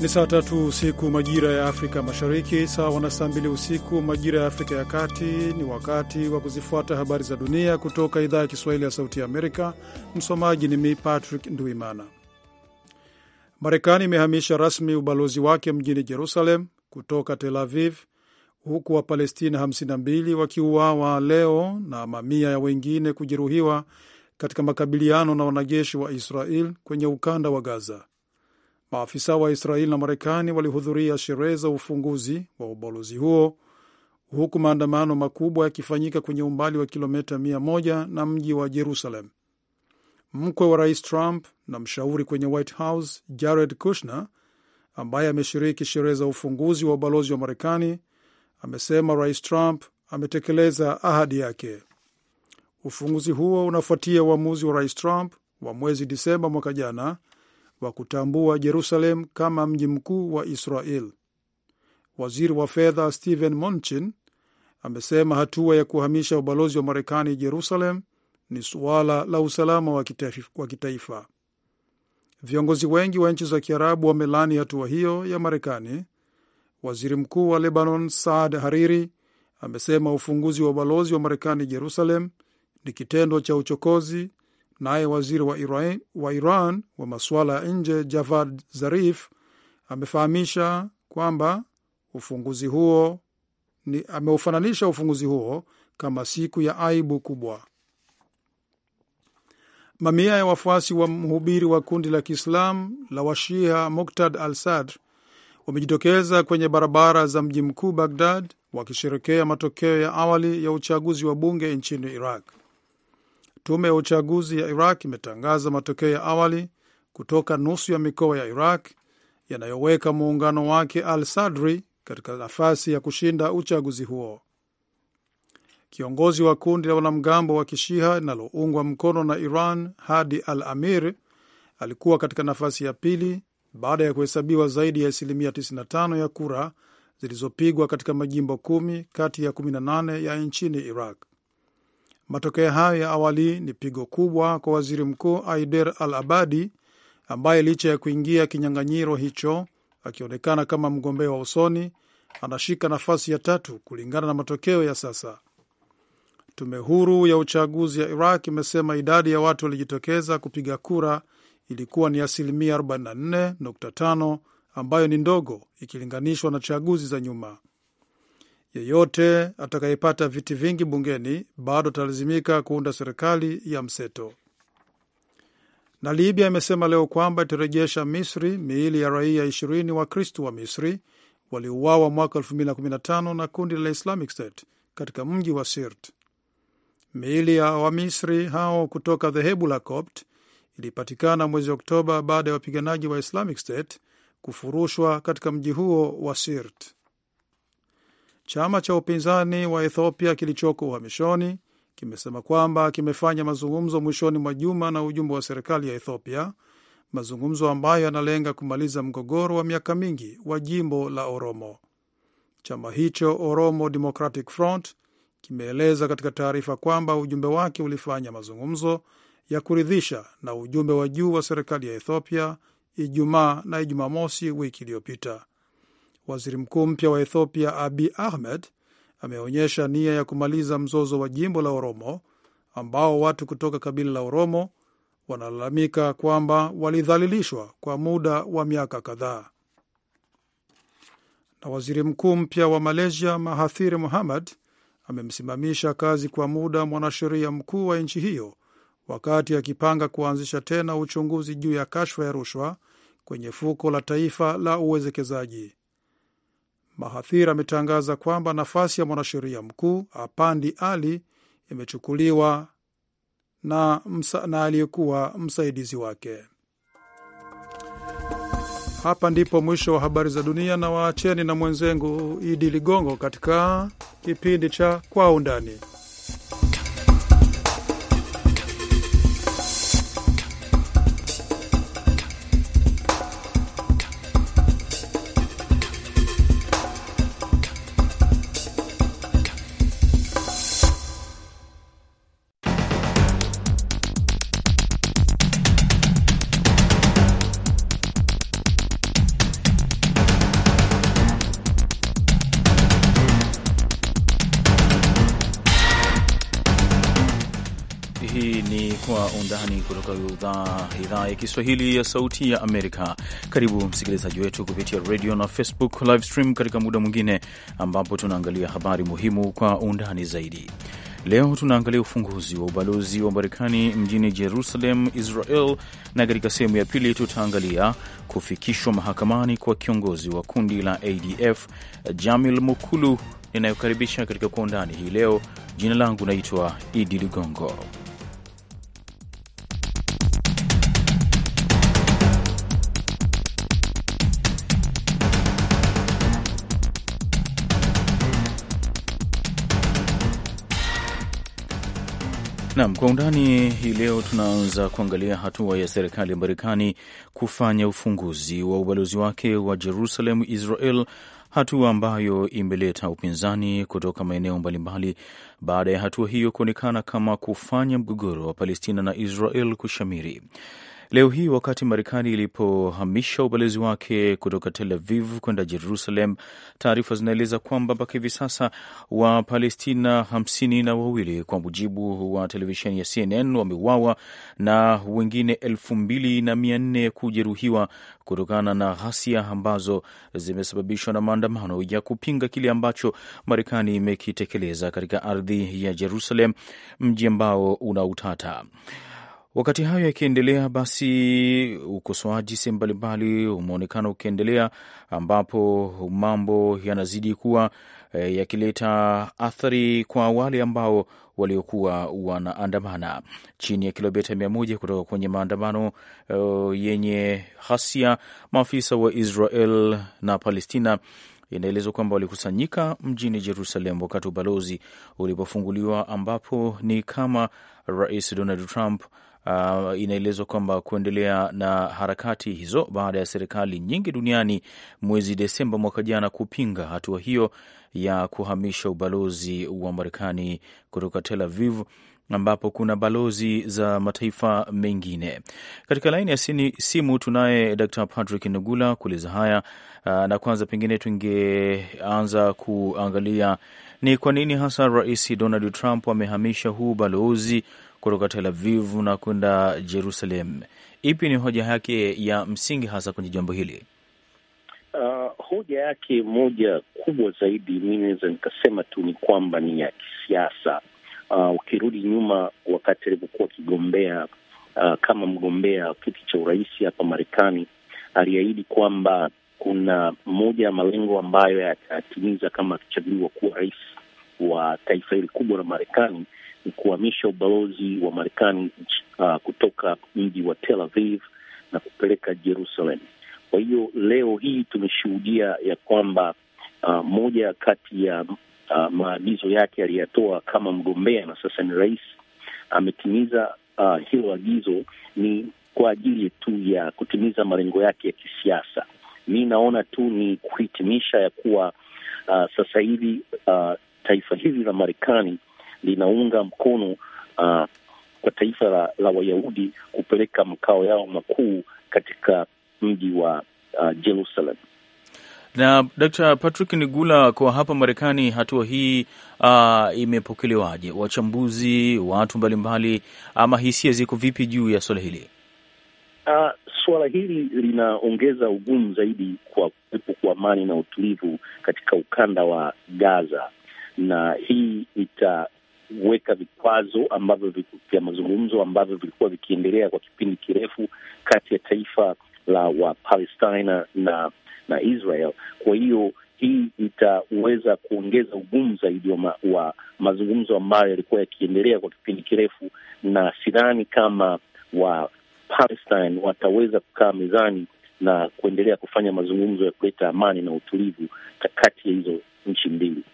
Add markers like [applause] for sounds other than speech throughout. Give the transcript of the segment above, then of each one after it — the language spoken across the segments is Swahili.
Ni saa tatu usiku majira ya Afrika Mashariki, sawa na saa mbili usiku majira ya Afrika ya Kati. Ni wakati wa kuzifuata habari za dunia kutoka idhaa ya Kiswahili ya Sauti ya Amerika. Msomaji ni mi Patrick Nduimana. Marekani imehamisha rasmi ubalozi wake mjini Jerusalem kutoka Tel Aviv, huku Wapalestina 52 wakiuawa leo na mamia ya wengine kujeruhiwa katika makabiliano na wanajeshi wa Israel kwenye ukanda wa Gaza. Maafisa wa Israeli na Marekani walihudhuria sherehe za ufunguzi wa ubalozi huo huku maandamano makubwa yakifanyika kwenye umbali wa kilomita mia moja na mji wa Jerusalem. Mkwe wa rais Trump na mshauri kwenye White House Jared Kushner, ambaye ameshiriki sherehe za ufunguzi wa ubalozi wa Marekani, amesema rais Trump ametekeleza ahadi yake. Ufunguzi huo unafuatia uamuzi wa rais Trump wa mwezi Disemba mwaka jana wa kutambua Jerusalem kama mji mkuu wa Israel. Waziri wa fedha stephen Mnuchin amesema hatua ya kuhamisha ubalozi wa Marekani Jerusalem ni suala la usalama wa kitaifa. Viongozi wengi wa nchi za Kiarabu wamelani hatua hiyo ya Marekani. Waziri mkuu wa Lebanon Saad Hariri amesema ufunguzi wa ubalozi wa Marekani Jerusalem ni kitendo cha uchokozi Naye waziri wa Iran wa, Iran, wa masuala ya nje Javad Zarif amefahamisha kwamba ufunguzi huo ni ameufananisha ufunguzi huo kama siku ya aibu kubwa. Mamia ya wafuasi wa mhubiri wa kundi la Kiislamu la Washia Muktad al Sadr wamejitokeza kwenye barabara za mji mkuu Bagdad wakisherekea matokeo ya awali ya uchaguzi wa bunge nchini Iraq. Tume ya uchaguzi ya Iraq imetangaza matokeo ya awali kutoka nusu ya mikoa ya Iraq yanayoweka muungano wake Al Sadri katika nafasi ya kushinda uchaguzi huo. Kiongozi wa kundi la wanamgambo wa kishiha linaloungwa mkono na Iran, Hadi Al Amir, alikuwa katika nafasi ya pili baada ya kuhesabiwa zaidi ya asilimia 95 ya kura zilizopigwa katika majimbo kumi kati ya 18 ya nchini Iraq. Matokeo hayo ya awali ni pigo kubwa kwa waziri mkuu Aider Al Abadi ambaye licha ya kuingia kinyang'anyiro hicho akionekana kama mgombea wa usoni, anashika nafasi ya tatu kulingana na matokeo ya sasa. Tume huru ya uchaguzi ya Iraq imesema idadi ya watu waliojitokeza kupiga kura ilikuwa ni asilimia 44.5 ambayo ni ndogo ikilinganishwa na chaguzi za nyuma. Yeyote atakayepata viti vingi bungeni bado atalazimika kuunda serikali ya mseto. Na Libya imesema leo kwamba itarejesha Misri miili ya raia ishirini wa Kristu wa Misri waliuawa mwaka 2015 na kundi la Islamic State katika mji wa Sirt. Miili ya Wamisri hao kutoka dhehebu la Copt ilipatikana mwezi Oktoba baada ya wapiganaji wa Islamic State kufurushwa katika mji huo wa Sirt. Chama cha upinzani wa Ethiopia kilichoko uhamishoni kimesema kwamba kimefanya mazungumzo mwishoni mwa juma na ujumbe wa serikali ya Ethiopia, mazungumzo ambayo yanalenga kumaliza mgogoro wa miaka mingi wa jimbo la Oromo. Chama hicho Oromo Democratic Front kimeeleza katika taarifa kwamba ujumbe wake ulifanya mazungumzo ya kuridhisha na ujumbe wa juu wa serikali ya Ethiopia Ijumaa na Ijumamosi wiki iliyopita. Waziri mkuu mpya wa Ethiopia abi Ahmed ameonyesha nia ya kumaliza mzozo wa jimbo la Oromo ambao watu kutoka kabila la Oromo wanalalamika kwamba walidhalilishwa kwa muda wa miaka kadhaa. Na waziri mkuu mpya wa Malaysia Mahathir muhammad amemsimamisha kazi kwa muda mwanasheria mkuu wa nchi hiyo wakati akipanga kuanzisha tena uchunguzi juu ya kashfa ya rushwa kwenye fuko la taifa la uwezekezaji. Mahathir ametangaza kwamba nafasi ya mwanasheria mkuu Apandi Ali imechukuliwa na, na aliyekuwa msaidizi wake. Hapa ndipo mwisho wa habari za dunia, na waacheni na mwenzangu Idi Ligongo katika kipindi cha Kwa Undani. Kiswahili ya Sauti ya Amerika. Karibu msikilizaji wetu kupitia radio na Facebook live stream katika muda mwingine ambapo tunaangalia habari muhimu kwa undani zaidi. Leo tunaangalia ufunguzi wa ubalozi wa Marekani mjini Jerusalem, Israel, na katika sehemu ya pili tutaangalia kufikishwa mahakamani kwa kiongozi wa kundi la ADF Jamil Mukulu ninayokaribisha katika kwa undani hii leo. Jina langu naitwa Idi Ligongo. Nam kwa undani hii leo, tunaanza kuangalia hatua ya serikali ya Marekani kufanya ufunguzi wa ubalozi wake wa Jerusalem, Israel, hatua ambayo imeleta upinzani kutoka maeneo mbalimbali baada ya hatua hiyo kuonekana kama kufanya mgogoro wa Palestina na Israel kushamiri. Leo hii wakati Marekani ilipohamisha ubalozi wake kutoka Tel Aviv kwenda Jerusalem, taarifa zinaeleza kwamba mpaka hivi sasa Wapalestina hamsini na wawili kwa mujibu wa televisheni ya CNN wameuawa na wengine elfu mbili na mia nne kujeruhiwa kutokana na ghasia ambazo zimesababishwa na maandamano ya kupinga kile ambacho Marekani imekitekeleza katika ardhi ya Jerusalem, mji ambao una utata. Wakati hayo yakiendelea, basi ukosoaji sehemu mbalimbali umeonekana ukiendelea, ambapo mambo yanazidi kuwa e, yakileta athari kwa wale ambao waliokuwa wanaandamana chini ya kilomita mia moja kutoka kwenye maandamano e, yenye ghasia. Maafisa wa Israel na Palestina inaelezwa kwamba walikusanyika mjini Jerusalem wakati ubalozi ulipofunguliwa, ambapo ni kama Rais Donald Trump Uh, inaelezwa kwamba kuendelea na harakati hizo baada ya serikali nyingi duniani mwezi Desemba mwaka jana kupinga hatua hiyo ya kuhamisha ubalozi wa Marekani kutoka Tel Aviv ambapo kuna balozi za mataifa mengine. Katika laini ya simu tunaye Dr. Patrick Nugula kueleza haya, uh, na kwanza pengine tungeanza kuangalia ni kwa nini hasa Rais Donald Trump amehamisha huu balozi kutoka Tel Aviv na kwenda Jerusalem. Ipi ni hoja yake ya msingi hasa kwenye jambo hili? Uh, hoja yake moja kubwa zaidi, mi naweza nikasema tu ni kwamba ni ya kisiasa. Uh, ukirudi nyuma wakati alivyokuwa akigombea uh, kama mgombea kiti cha urais hapa Marekani, aliahidi kwamba kuna moja ya malengo ambayo yatatimiza kama akichaguliwa kuwa rais wa taifa hili kubwa la Marekani ni kuhamisha ubalozi wa Marekani uh, kutoka mji wa Tel Aviv na kupeleka Jerusalem. Kwa hiyo leo hii tumeshuhudia ya kwamba uh, moja kati ya uh, maagizo yake aliyatoa kama mgombea na sasa ni rais ametimiza uh, hilo agizo ni kwa ajili tu ya kutimiza malengo yake ya kisiasa. Mi naona tu ni kuhitimisha ya kuwa uh, sasa hivi uh, taifa hili la Marekani linaunga mkono uh, kwa taifa la, la Wayahudi kupeleka makao yao makuu katika mji wa uh, Jerusalem. Na Dr. Patrick Nigula, kwa hapa Marekani hatua hii uh, imepokelewaje? Wachambuzi, watu mbalimbali, ama hisia ziko vipi juu ya swala hili? Uh, suala hili linaongeza ugumu zaidi kwa kuwepo kwa amani na utulivu katika ukanda wa Gaza, na hii ita kuweka vikwazo ambavyo vya mazungumzo ambavyo vilikuwa vikiendelea kwa kipindi kirefu kati ya taifa la Wapalestina na na Israel. Kwa hiyo hii itaweza kuongeza ugumu zaidi wa, ma, wa mazungumzo ambayo yalikuwa yakiendelea kwa kipindi kirefu, na sidhani kama Wapalestina wataweza kukaa mezani na kuendelea kufanya mazungumzo ya kuleta amani na utulivu kati ya hizo nchi mbili.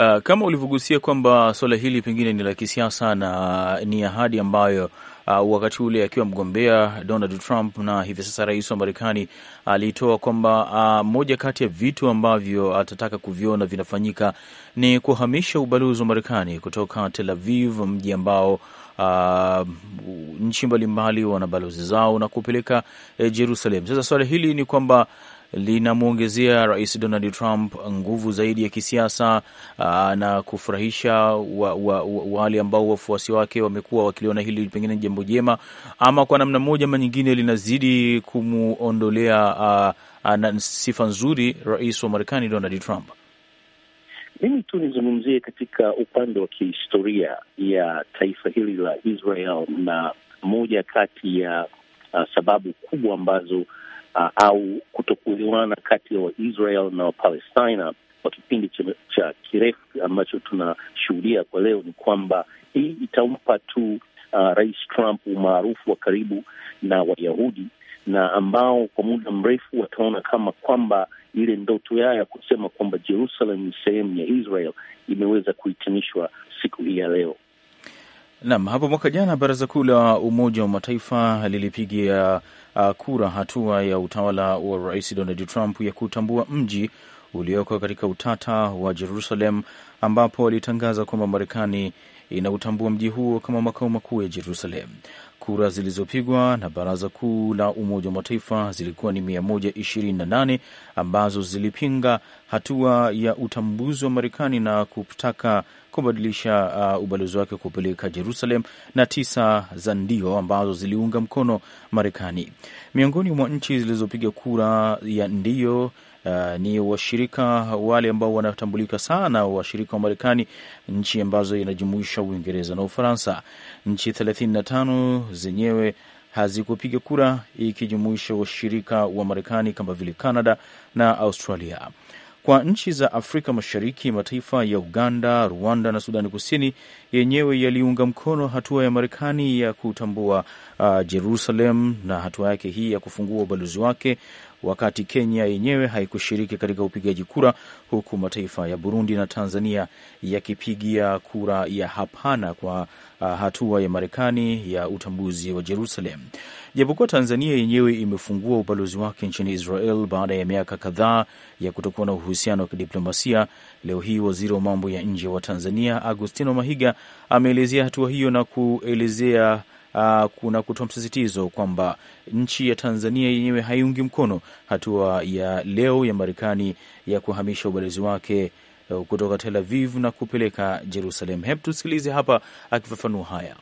Uh, kama ulivyogusia kwamba suala hili pengine ni la kisiasa na ni ahadi ambayo Uh, wakati ule akiwa mgombea Donald Trump na hivi sasa rais wa Marekani alitoa uh, kwamba uh, moja kati ya vitu ambavyo atataka kuviona vinafanyika ni kuhamisha ubalozi wa Marekani kutoka Tel Aviv, mji ambao uh, nchi mbalimbali wana balozi zao na kupeleka eh, Jerusalem. Sasa swala hili ni kwamba linamwongezea Rais Donald Trump nguvu zaidi ya kisiasa aa, uh, na kufurahisha wale wa, wa, wa ambao wafuasi wake wamekuwa wakiliona hili pengine ni jambo jema, ama kwa namna moja ama nyingine linazidi kumwondolea uh, uh, sifa nzuri rais wa Marekani Donald Trump. Mimi tu nizungumzie katika upande wa kihistoria ya taifa hili la Israel, na moja kati ya uh, sababu kubwa ambazo uh, au kutokuelewana kati ya Waisrael na Wapalestina kwa kipindi cha, cha kirefu ambacho tunashuhudia kwa leo, ni kwamba hii itampa tu uh, Rais Trump umaarufu wa karibu na Wayahudi na ambao kwa muda mrefu wataona kama kwamba ile ndoto yao ya kusema kwamba Jerusalem ni sehemu ya Israel imeweza kuhitimishwa siku hii ya leo. Nam, hapo mwaka jana Baraza Kuu la Umoja wa Mataifa lilipigia uh, kura hatua ya utawala wa Rais Donald Trump ya kutambua mji ulioko katika utata wa Jerusalem, ambapo alitangaza kwamba Marekani inautambua mji huo kama makao makuu ya Jerusalem kura zilizopigwa na Baraza Kuu la Umoja wa Mataifa zilikuwa ni 128 ambazo zilipinga hatua ya utambuzi wa Marekani na kutaka kubadilisha uh, ubalozi wake kupeleka Jerusalem na tisa za ndio ambazo ziliunga mkono Marekani. Miongoni mwa nchi zilizopiga kura ya ndio uh, ni washirika wale ambao wanatambulika sana, washirika wa Marekani, nchi ambazo inajumuisha Uingereza na Ufaransa. Nchi 35 zenyewe hazikupiga kura ikijumuisha washirika wa Marekani kama vile Canada na Australia. Kwa nchi za Afrika Mashariki, mataifa ya Uganda, Rwanda na Sudani Kusini yenyewe yaliunga mkono hatua ya Marekani ya kutambua uh, Jerusalem na hatua yake hii ya kufungua ubalozi wake wakati Kenya yenyewe haikushiriki katika upigaji kura, huku mataifa ya Burundi na Tanzania yakipigia kura ya hapana kwa uh, hatua ya Marekani ya utambuzi wa Jerusalem. Japokuwa Tanzania yenyewe imefungua ubalozi wake nchini Israel baada ya miaka kadhaa ya kutokuwa na uhusiano wa kidiplomasia, leo hii waziri wa mambo ya nje wa Tanzania Agustino Mahiga ameelezea hatua hiyo na kuelezea uh, kuna kutoa msisitizo kwamba nchi ya Tanzania yenyewe haiungi mkono hatua ya leo ya Marekani ya kuhamisha ubalozi wake uh, kutoka Tel Aviv na kupeleka Jerusalem. Hebu tusikilize hapa akifafanua haya.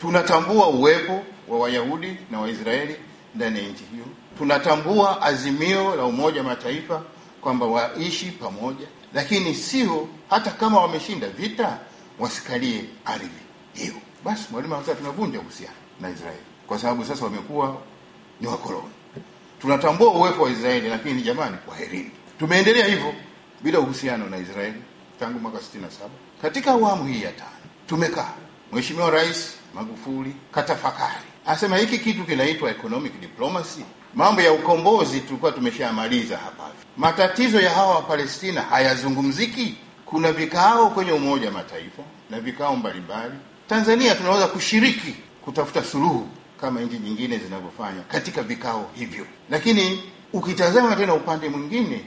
Tunatambua uwepo wa Wayahudi na Waisraeli ndani ya nchi hiyo. Tunatambua azimio la Umoja wa Mataifa kwamba waishi pamoja, lakini sio hata kama wameshinda vita wasikalie ardhi hiyo basi Mwalimu anasema tunavunja uhusiano na Israeli kwa sababu sasa wamekuwa ni wakoloni. Tunatambua uwepo wa Israeli, lakini jamani, herini. Tumeendelea hivyo bila uhusiano na Israeli tangu mwaka 67. Katika awamu hii ya tano tumekaa, Mheshimiwa Rais Magufuli katafakari, asema hiki kitu kinaitwa economic diplomacy. Mambo ya ukombozi tulikuwa tumeshamaliza hapa, matatizo ya hawa Wapalestina hayazungumziki. Kuna vikao kwenye Umoja Mataifa na vikao mbalimbali Tanzania tunaweza kushiriki kutafuta suluhu kama nchi nyingine zinavyofanya katika vikao hivyo. Lakini ukitazama tena upande mwingine,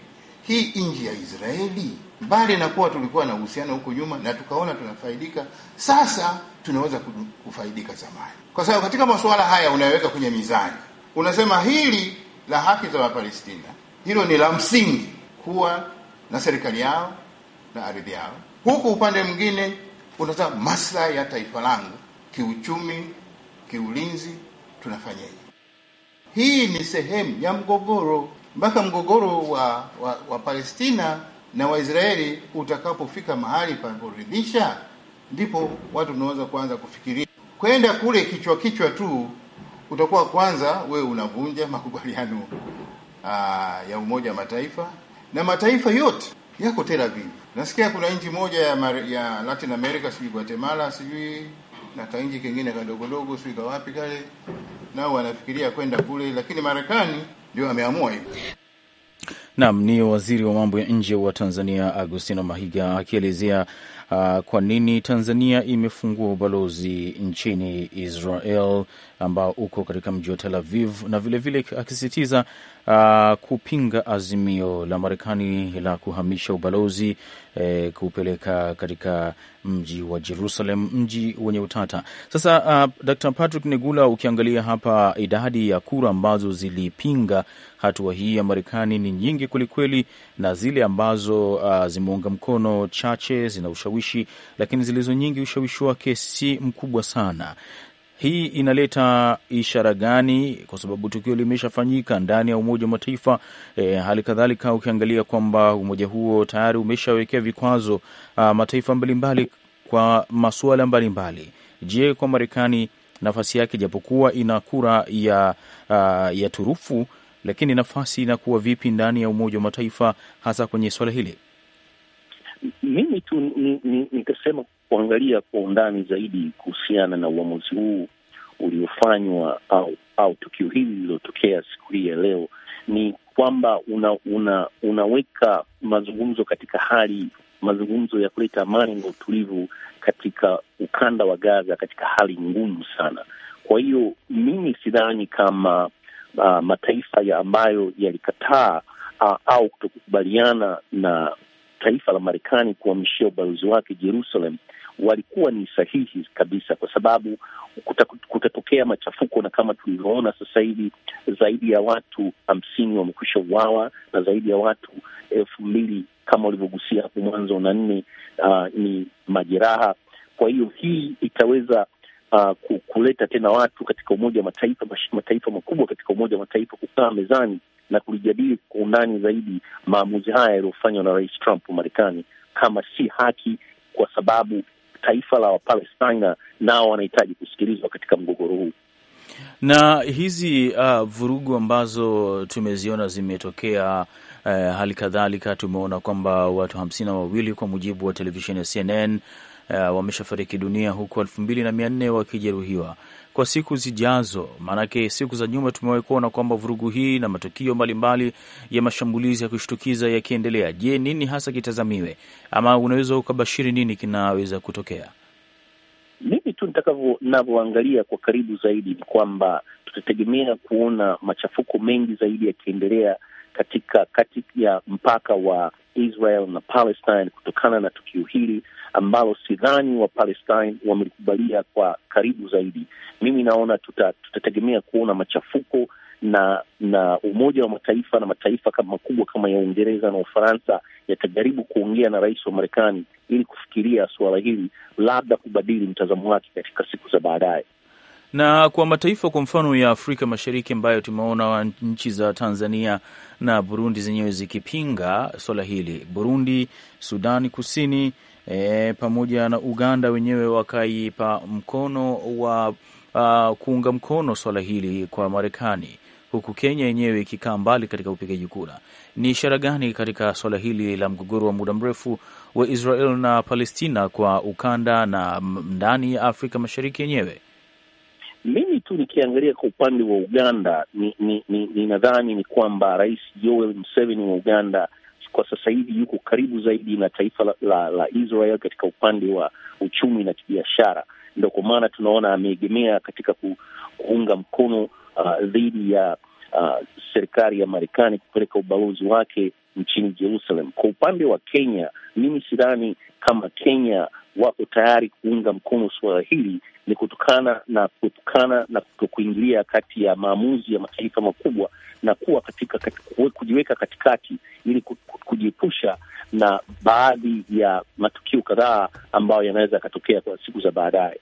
hii nchi ya Israeli, mbali na kuwa tulikuwa na uhusiano huko nyuma na tukaona tunafaidika, sasa tunaweza kufaidika zamani, kwa sababu katika masuala haya unayoweka kwenye mizani, unasema hili la haki za Wapalestina, hilo ni la msingi kuwa na serikali yao na ardhi yao, huku upande mwingine unataka maslahi ya taifa langu kiuchumi, kiulinzi, tunafanyaje? Hii ni sehemu ya mgogoro mpaka mgogoro wa, wa, wa Palestina na Waisraeli utakapofika mahali panaporidhisha, ndipo watu unaweza kuanza kufikiria kwenda kule kichwa kichwa tu. Utakuwa kwanza wewe unavunja [laughs] makubaliano aa, ah, ya Umoja wa Mataifa na mataifa yote yako Tel Aviv. Nasikia kuna nchi moja ya, Mar ya Latin America sijui Guatemala sijui na kainji kingine kadogodogo sijui kawapi kale, nao wanafikiria kwenda kule, lakini Marekani ndio ameamua hivyo. Naam, ni waziri wa mambo ya nje wa Tanzania Agustino Mahiga akielezea uh, kwa nini Tanzania imefungua ubalozi nchini Israel ambao uko katika mji wa Tel Aviv, na vilevile akisisitiza uh, kupinga azimio la Marekani la kuhamisha ubalozi e, eh, kupeleka katika mji wa Jerusalem, mji wenye utata. Sasa uh, Dr. Patrick Negula, ukiangalia hapa idadi ya kura ambazo zilipinga hatua hii ya Marekani ni nyingi kwelikweli, na zile ambazo uh, zimeunga mkono chache zina ushawishi, lakini zilizo nyingi ushawishi wake si mkubwa sana hii inaleta ishara gani? Kwa sababu tukio limeshafanyika ndani ya Umoja wa Mataifa. E, hali kadhalika ukiangalia kwamba umoja huo tayari umeshawekea vikwazo a, ah, mataifa mbalimbali mbali kwa masuala mbalimbali. Je, kwa Marekani nafasi yake, japokuwa ina kura ya, ah, ya turufu, lakini nafasi inakuwa vipi ndani ya Umoja wa Mataifa hasa kwenye swala hili? Mimi tu nikasema kuangalia kwa undani zaidi kuhusiana na uamuzi huu uliofanywa au au tukio hili lililotokea siku hii ya leo ni kwamba una, una, unaweka mazungumzo katika hali mazungumzo ya kuleta amani na utulivu katika ukanda wa Gaza katika hali ngumu sana. Kwa hiyo mimi sidhani kama uh, mataifa ya ambayo yalikataa uh, au kutokukubaliana na taifa la Marekani kuhamishia ubalozi wake Jerusalem walikuwa ni sahihi kabisa, kwa sababu kutatokea machafuko, na kama tulivyoona sasa hivi zaidi ya watu hamsini wamekwisha uawa na zaidi ya watu elfu mbili kama walivyogusia hapo mwanzo na nne uh, ni majeraha. Kwa hiyo hii itaweza uh, kuleta tena watu katika Umoja wa Mataifa, mataifa makubwa katika Umoja wa Mataifa kukaa mezani na kulijadili kwa undani zaidi maamuzi haya yaliyofanywa na Rais Trump wa Marekani kama si haki, kwa sababu taifa la Wapalestina nao wanahitaji kusikilizwa katika mgogoro huu na hizi uh, vurugu ambazo tumeziona zimetokea. Uh, hali kadhalika tumeona kwamba watu hamsini na wawili kwa mujibu wa televisheni ya CNN uh, wameshafariki dunia huku elfu mbili na mia nne wakijeruhiwa kwa siku zijazo? Maanake siku za nyuma tumewahi kuona kwamba vurugu hii na matukio mbalimbali ya mashambulizi ya kushtukiza yakiendelea. Je, nini hasa kitazamiwe, ama unaweza ukabashiri nini kinaweza kutokea? Mimi tu nitakavyo navyoangalia kwa karibu zaidi ni kwamba tutategemea kuona machafuko mengi zaidi yakiendelea katika kati ya mpaka wa Israel na Palestine kutokana na tukio hili ambalo sidhani wa Palestine wamelikubalia kwa karibu zaidi. Mimi naona tuta, tutategemea kuona machafuko na na Umoja wa Mataifa na mataifa kama makubwa kama ya Uingereza na Ufaransa yatajaribu kuongea na rais wa Marekani ili kufikiria suala hili, labda kubadili mtazamo wake katika siku za baadaye na kwa mataifa kwa mfano ya Afrika Mashariki ambayo tumeona nchi za Tanzania na Burundi zenyewe zikipinga swala hili, Burundi, Sudani Kusini e, pamoja na Uganda wenyewe wakaipa mkono wa a, kuunga mkono swala hili kwa Marekani, huku Kenya yenyewe ikikaa mbali katika upigaji kura. Ni ishara gani katika swala hili la mgogoro wa muda mrefu wa Israel na Palestina kwa ukanda na ndani ya Afrika Mashariki yenyewe? kitu nikiangalia kwa upande wa Uganda ninadhani ni, ni, ni, ni kwamba Rais Yoweri Museveni wa Uganda kwa sasa hivi yuko karibu zaidi na taifa la, la, la Israel katika upande wa uchumi na kibiashara. Ndo kwa maana tunaona ameegemea katika ku, kuunga mkono uh, dhidi ya uh, serikali ya Marekani kupeleka ubalozi wake nchini Jerusalem. Kwa upande wa Kenya, mimi sidhani kama Kenya wako tayari kuunga mkono suala hili, ni kutokana na kutokana na kutokuingilia kati ya maamuzi ya mataifa makubwa na kuwa katika, katika kujiweka katikati ili kujiepusha na baadhi ya matukio kadhaa ambayo yanaweza yakatokea kwa siku za baadaye.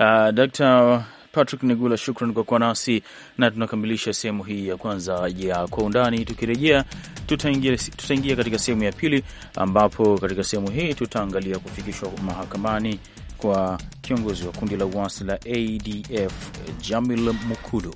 Uh, Dr. Patrick Nigula, shukran kwa kuwa nasi na tunakamilisha sehemu hii ya kwanza ya Kwa Undani. Tukirejea tutaingia, tutaingia katika sehemu ya pili ambapo katika sehemu hii tutaangalia kufikishwa mahakamani kwa kiongozi wa kundi la uasi la ADF Jamil Mukulu.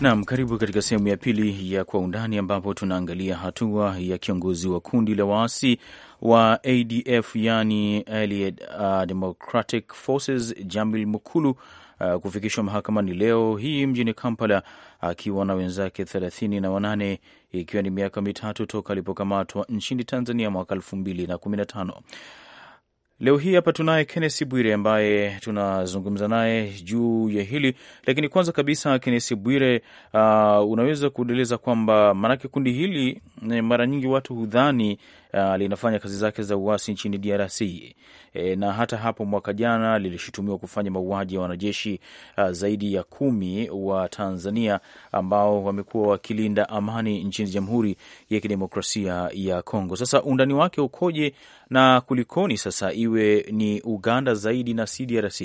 Nam, karibu katika sehemu ya pili ya Kwa Undani, ambapo tunaangalia hatua ya kiongozi wa kundi la waasi wa ADF yani Allied uh, Democratic Forces Jamil Mukulu uh, kufikishwa mahakamani leo hii mjini Kampala akiwa uh, na wenzake thelathini na wanane ikiwa ni miaka mitatu toka alipokamatwa nchini Tanzania mwaka elfu mbili na kumi na tano. Leo hii hapa tunaye Kennesi Bwire ambaye tunazungumza naye juu ya hili lakini kwanza kabisa, Kennesi Bwire, uh, unaweza kueleza kwamba maanake kundi hili eh, mara nyingi watu hudhani uh, linafanya kazi zake za uasi nchini DRC e, na hata hapo mwaka jana lilishutumiwa kufanya mauaji ya wanajeshi uh, zaidi ya kumi wa Tanzania ambao wamekuwa wakilinda amani nchini Jamhuri ya Kidemokrasia ya Kongo. Sasa undani wake ukoje na kulikoni sasa iwe ni Uganda zaidi na si DRC?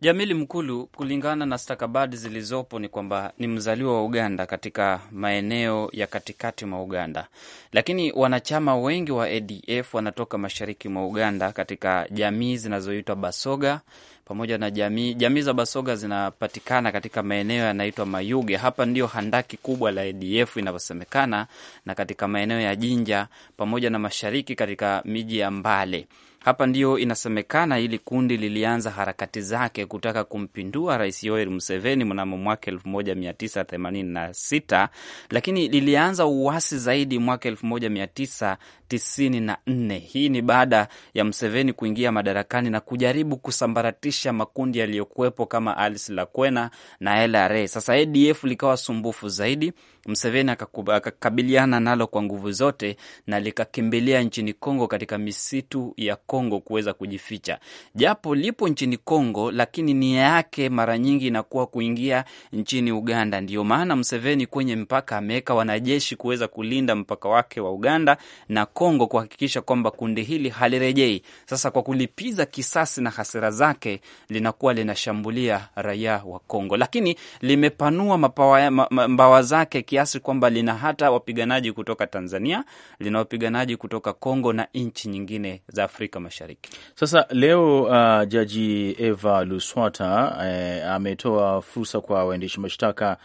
Jamili Mkulu, kulingana na stakabadi zilizopo ni kwamba ni mzaliwa wa Uganda katika maeneo ya katikati mwa Uganda, lakini wanachama wengi wa ADF wanatoka mashariki mwa Uganda katika jamii zinazoitwa Basoga pamoja na jamii jamii za Basoga zinapatikana katika maeneo yanaitwa Mayuge. Hapa ndio handaki kubwa la ADF inavyosemekana, na katika maeneo ya Jinja pamoja na mashariki katika miji ya Mbale hapa ndio inasemekana hili kundi lilianza harakati zake kutaka kumpindua Rais Yoweri Museveni mnamo mwaka 1986 lakini lilianza uasi zaidi mwaka 1990 tisini na nne. Hii ni baada ya Mseveni kuingia madarakani na kujaribu kusambaratisha makundi yaliyokuwepo kama Alice Lakwena na LRA. Sasa ADF likawa sumbufu zaidi, Mseveni akakabiliana nalo kwa nguvu zote na likakimbilia nchini Kongo, katika misitu ya Kongo kuweza kujificha, japo lipo nchini Kongo, lakini nia yake mara nyingi inakuwa kuingia nchini Uganda. Ndiyo maana Mseveni kwenye mpaka ameweka wanajeshi kuweza kulinda mpaka wake wa Uganda na Kongo Kongo kuhakikisha kwamba kundi hili halirejei. Sasa kwa kulipiza kisasi na hasira zake, linakuwa linashambulia raia wa Kongo, lakini limepanua mapawa, zake kiasi kwamba lina hata wapiganaji kutoka Tanzania, lina wapiganaji kutoka Kongo na nchi nyingine za Afrika Mashariki. Sasa leo uh, Jaji Eva Luswata eh, ametoa fursa kwa waendesha mashtaka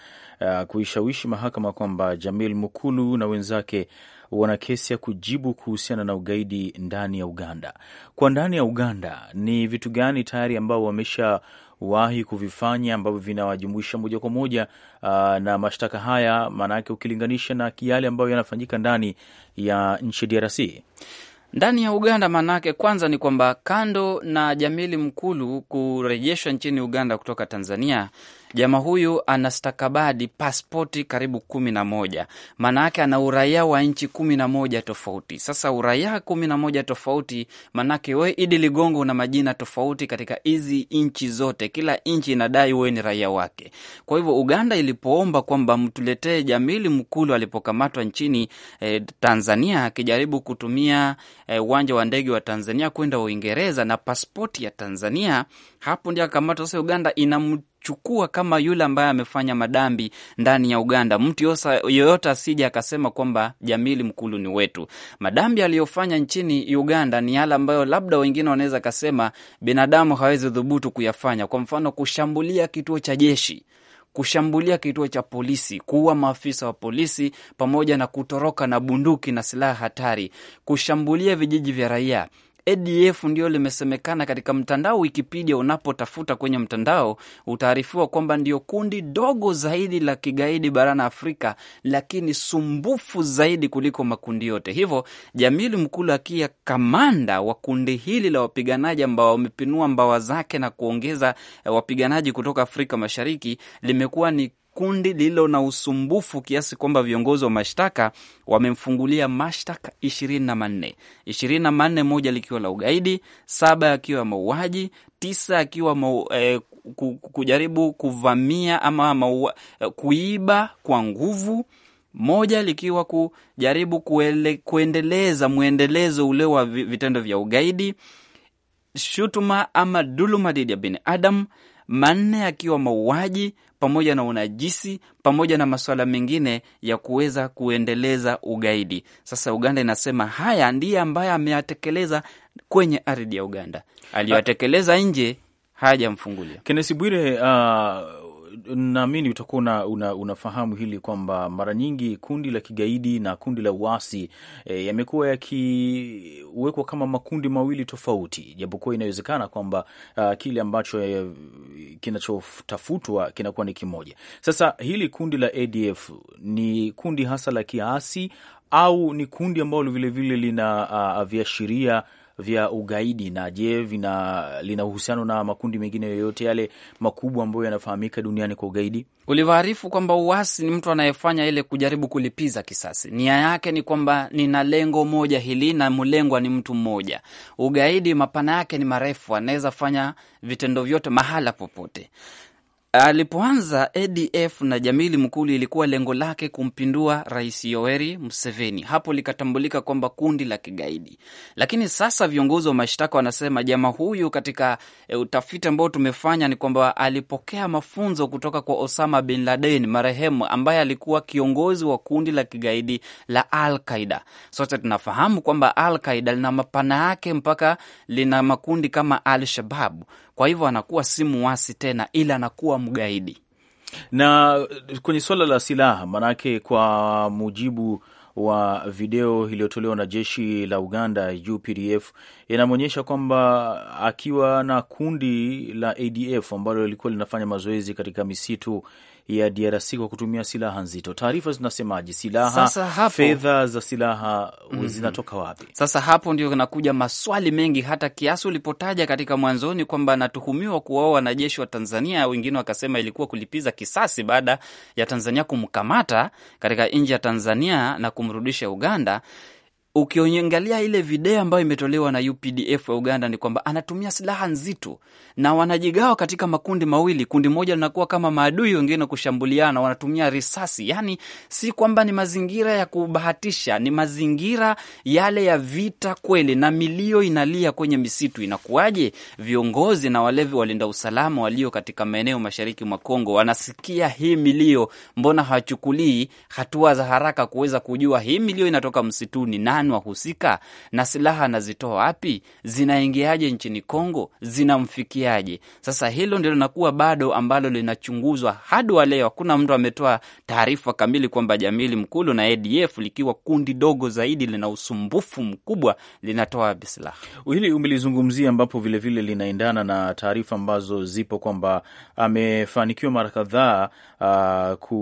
uh, kuishawishi mahakama kwamba Jamil Mukulu na wenzake wana kesi ya kujibu kuhusiana na ugaidi ndani ya Uganda. Kwa ndani ya Uganda ni vitu gani tayari ambao wamesha wahi kuvifanya ambavyo vinawajumuisha moja kwa moja uh, na mashtaka haya, maanake ukilinganisha na yale ambayo yanafanyika ndani ya nchi DRC? ndani ya Uganda. Maanake kwanza ni kwamba kando na Jamili Mkulu kurejeshwa nchini Uganda kutoka Tanzania, jamaa huyu ana stakabadi paspoti karibu kumi na moja. Maanake ana uraia wa nchi kumi na moja tofauti. Sasa uraia kumi na moja tofauti, maanake we Idi Ligongo una majina tofauti katika hizi nchi zote. Kila nchi inadai wewe ni raia wake. Kwa hivyo Uganda ilipoomba kwamba mtuletee Jamili Mkulu alipokamatwa nchini eh, Tanzania akijaribu kutumia Eh, uwanja wa ndege wa Tanzania kwenda Uingereza na paspoti ya Tanzania. Hapo ndio akakamata. Sasa Uganda inamchukua kama yule ambaye amefanya madambi ndani ya Uganda. Mtu yoyote asija akasema kwamba Jamili Mkulu ni wetu. Madambi aliyofanya nchini Uganda ni yale ambayo labda wengine wanaweza kasema binadamu hawezi dhubutu kuyafanya, kwa mfano kushambulia kituo cha jeshi kushambulia kituo cha polisi, kuua maafisa wa polisi, pamoja na kutoroka na bunduki na silaha hatari, kushambulia vijiji vya raia ADF ndio limesemekana katika mtandao Wikipedia. Unapotafuta kwenye mtandao utaarifiwa kwamba ndio kundi dogo zaidi la kigaidi barani Afrika, lakini sumbufu zaidi kuliko makundi yote. Hivyo Jamili Mkulu Akia, kamanda wa kundi hili la wapiganaji ambao wamepinua mbawa zake na kuongeza eh, wapiganaji kutoka Afrika Mashariki, limekuwa ni kundi lililo na usumbufu kiasi kwamba viongozi wa mashtaka wamemfungulia mashtaka ishirini na manne ishirini na manne moja likiwa la ugaidi, saba yakiwa mauaji, tisa akiwa mau, eh, kujaribu kuvamia ama maua, eh, kuiba kwa nguvu moja likiwa kujaribu kuele, kuendeleza mwendelezo ule wa vitendo vya ugaidi, shutuma ama dhuluma dhidi ya binadamu manne akiwa mauaji pamoja na unajisi pamoja na masuala mengine ya kuweza kuendeleza ugaidi. Sasa Uganda inasema haya ndiye ambaye ameyatekeleza kwenye ardhi ya Uganda, aliyoyatekeleza nje hajamfungulia. Kenesi Bwire uh naamini utakuwa una, una, unafahamu hili kwamba mara nyingi kundi la kigaidi na kundi la uasi e, yamekuwa yakiwekwa kama makundi mawili tofauti, japokuwa inawezekana kwamba uh, kile ambacho e, kinachotafutwa kinakuwa ni kimoja. Sasa hili kundi la ADF ni kundi hasa la kiasi au ni kundi ambalo vilevile lina uh, viashiria vya ugaidi, na je, lina uhusiano na makundi mengine yoyote yale makubwa ambayo yanafahamika duniani kwa ugaidi? Ulivyoarifu kwamba uasi ni mtu anayefanya ile kujaribu kulipiza kisasi, nia yake ni kwamba nina lengo moja hili na mlengwa ni mtu mmoja. Ugaidi mapana yake ni marefu, anaweza fanya vitendo vyote mahala popote. Ah, alipoanza ADF na Jamili Mukulu, ilikuwa lengo lake kumpindua Rais Yoweri Museveni. Hapo likatambulika kwamba kundi la kigaidi, lakini sasa viongozi wa mashtaka wanasema jama huyu, katika e, utafiti ambao tumefanya ni kwamba alipokea mafunzo kutoka kwa Osama bin Laden marehemu, ambaye alikuwa kiongozi wa kundi la kigaidi la Al Qaida. Sote tunafahamu kwamba Al Qaida lina mapana yake mpaka lina makundi kama Al Shababu. Kwa hivyo anakuwa si muasi tena, ila anakuwa mgaidi. Na kwenye suala la silaha, maanake kwa mujibu wa video iliyotolewa na jeshi la Uganda UPDF inamwonyesha kwamba akiwa na kundi la ADF ambalo lilikuwa linafanya mazoezi katika misitu ya DRC kwa kutumia silaha nzito. Taarifa zinasemaje? Silaha, fedha za silaha mm -hmm. zinatoka wapi? Sasa hapo ndio nakuja maswali mengi, hata kiasi ulipotaja katika mwanzoni kwamba anatuhumiwa kuwaua wanajeshi wa Tanzania, wengine wakasema ilikuwa kulipiza kisasi baada ya Tanzania kumkamata katika nchi ya Tanzania na kumrudisha Uganda ukiangalia ile video ambayo imetolewa na UPDF wa Uganda ni kwamba anatumia silaha nzito na wanajigawa katika makundi mawili. Kundi moja linakuwa kama maadui, wengine kushambuliana, wanatumia risasi. Yani si kwamba ni mazingira ya kubahatisha, ni mazingira yale ya vita kweli, na milio inalia kwenye misitu. Inakuwaje viongozi na walevi walinda usalama walio katika maeneo mashariki mwa Kongo wanasikia hii milio? Mbona hawachukulii hatua za haraka kuweza kujua hii milio inatoka msituni? Nani nani wahusika na silaha anazitoa wapi, zinaingiaje nchini Kongo, zinamfikiaje? Sasa hilo ndio linakuwa bado ambalo linachunguzwa hadi wa leo. Hakuna mtu ametoa taarifa kamili kwamba Jamili Mkulu na ADF likiwa kundi dogo zaidi lina usumbufu mkubwa linatoa wapi silaha. Hili umelizungumzia, ambapo vilevile linaendana na taarifa ambazo zipo kwamba amefanikiwa mara kadhaa uh, uh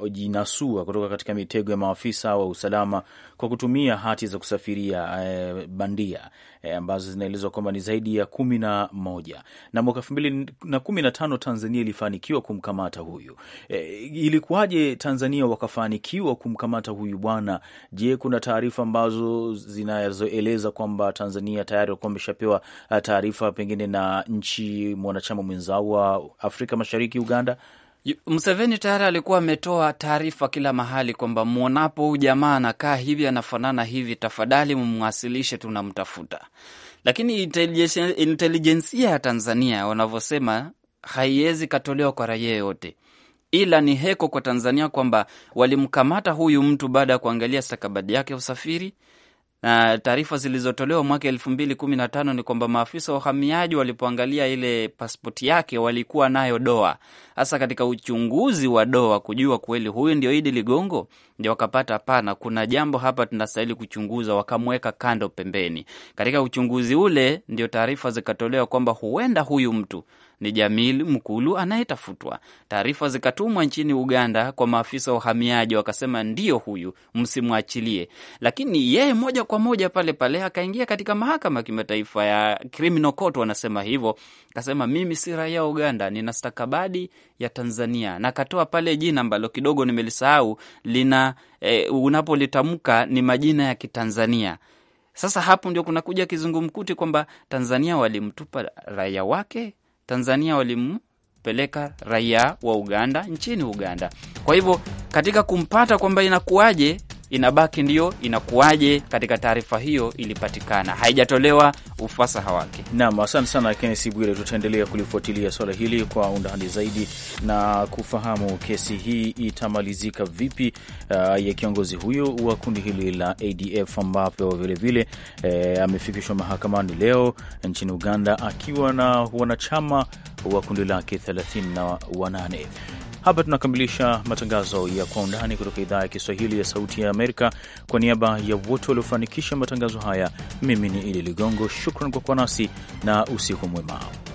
kujinasua uh, kutoka katika mitego ya maafisa wa usalama kwa kutumia hati za kusafiria e, bandia e, ambazo zinaelezwa kwamba ni zaidi ya kumi na moja na mwaka elfu mbili na kumi na tano Tanzania ilifanikiwa kumkamata huyu e, ilikuwaje Tanzania wakafanikiwa kumkamata huyu bwana? Je, kuna taarifa ambazo zinazoeleza kwamba Tanzania tayari wakuwa wameshapewa taarifa pengine na nchi mwanachama mwenzao wa Afrika Mashariki, Uganda? Mseveni tayari alikuwa ametoa taarifa kila mahali kwamba mwonapo huu jamaa anakaa hivi, anafanana hivi, tafadhali mumwasilishe, tunamtafuta. Lakini intelijensia ya Tanzania wanavyosema haiwezi katolewa kwa raia yoyote, ila ni heko kwa Tanzania kwamba walimkamata huyu mtu baada ya kuangalia stakabadi yake ya usafiri, na taarifa zilizotolewa mwaka elfu mbili kumi na tano ni kwamba maafisa wa uhamiaji walipoangalia ile paspoti yake walikuwa nayo doa, hasa katika uchunguzi wa doa kujua kweli huyu ndio Idi Ligongo, ndio wakapata hapana, kuna jambo hapa tunastahili kuchunguza, wakamweka kando pembeni. Katika uchunguzi ule ndio taarifa zikatolewa kwamba huenda huyu mtu ni Jamil Mkulu anayetafutwa. Taarifa zikatumwa nchini Uganda kwa maafisa wa uhamiaji, wakasema ndiyo huyu, msimwachilie. Lakini yeye moja kwa moja pale pale akaingia katika mahakama ya kimataifa ya criminal court, wanasema hivyo, akasema mimi si raia wa Uganda, nina stakabadi ya Tanzania, na akatoa pale jina ambalo kidogo nimelisahau lina e, unapolitamka ni majina ya Kitanzania. Sasa hapo ndio kunakuja kizungumkuti kwamba Tanzania walimtupa raia wake Tanzania walimpeleka raia wa Uganda nchini Uganda. Kwa hivyo katika kumpata kwamba inakuwaje, inabaki ndio inakuwaje katika taarifa hiyo ilipatikana, haijatolewa ufasaha wake. Naam, asante sana kennesi Bwire, tutaendelea kulifuatilia swala hili kwa undani zaidi na kufahamu kesi hii itamalizika vipi, uh, ya kiongozi huyo wa kundi hili la ADF ambapo vilevile eh, amefikishwa mahakamani leo nchini Uganda akiwa na wanachama wa kundi lake thelathini na wanane. Hapa tunakamilisha matangazo ya Kwa Undani kutoka idhaa ya Kiswahili ya Sauti ya Amerika. Kwa niaba ya wote waliofanikisha matangazo haya, mimi ni Idi Ligongo. Shukran kwa kuwa nasi na usiku mwema.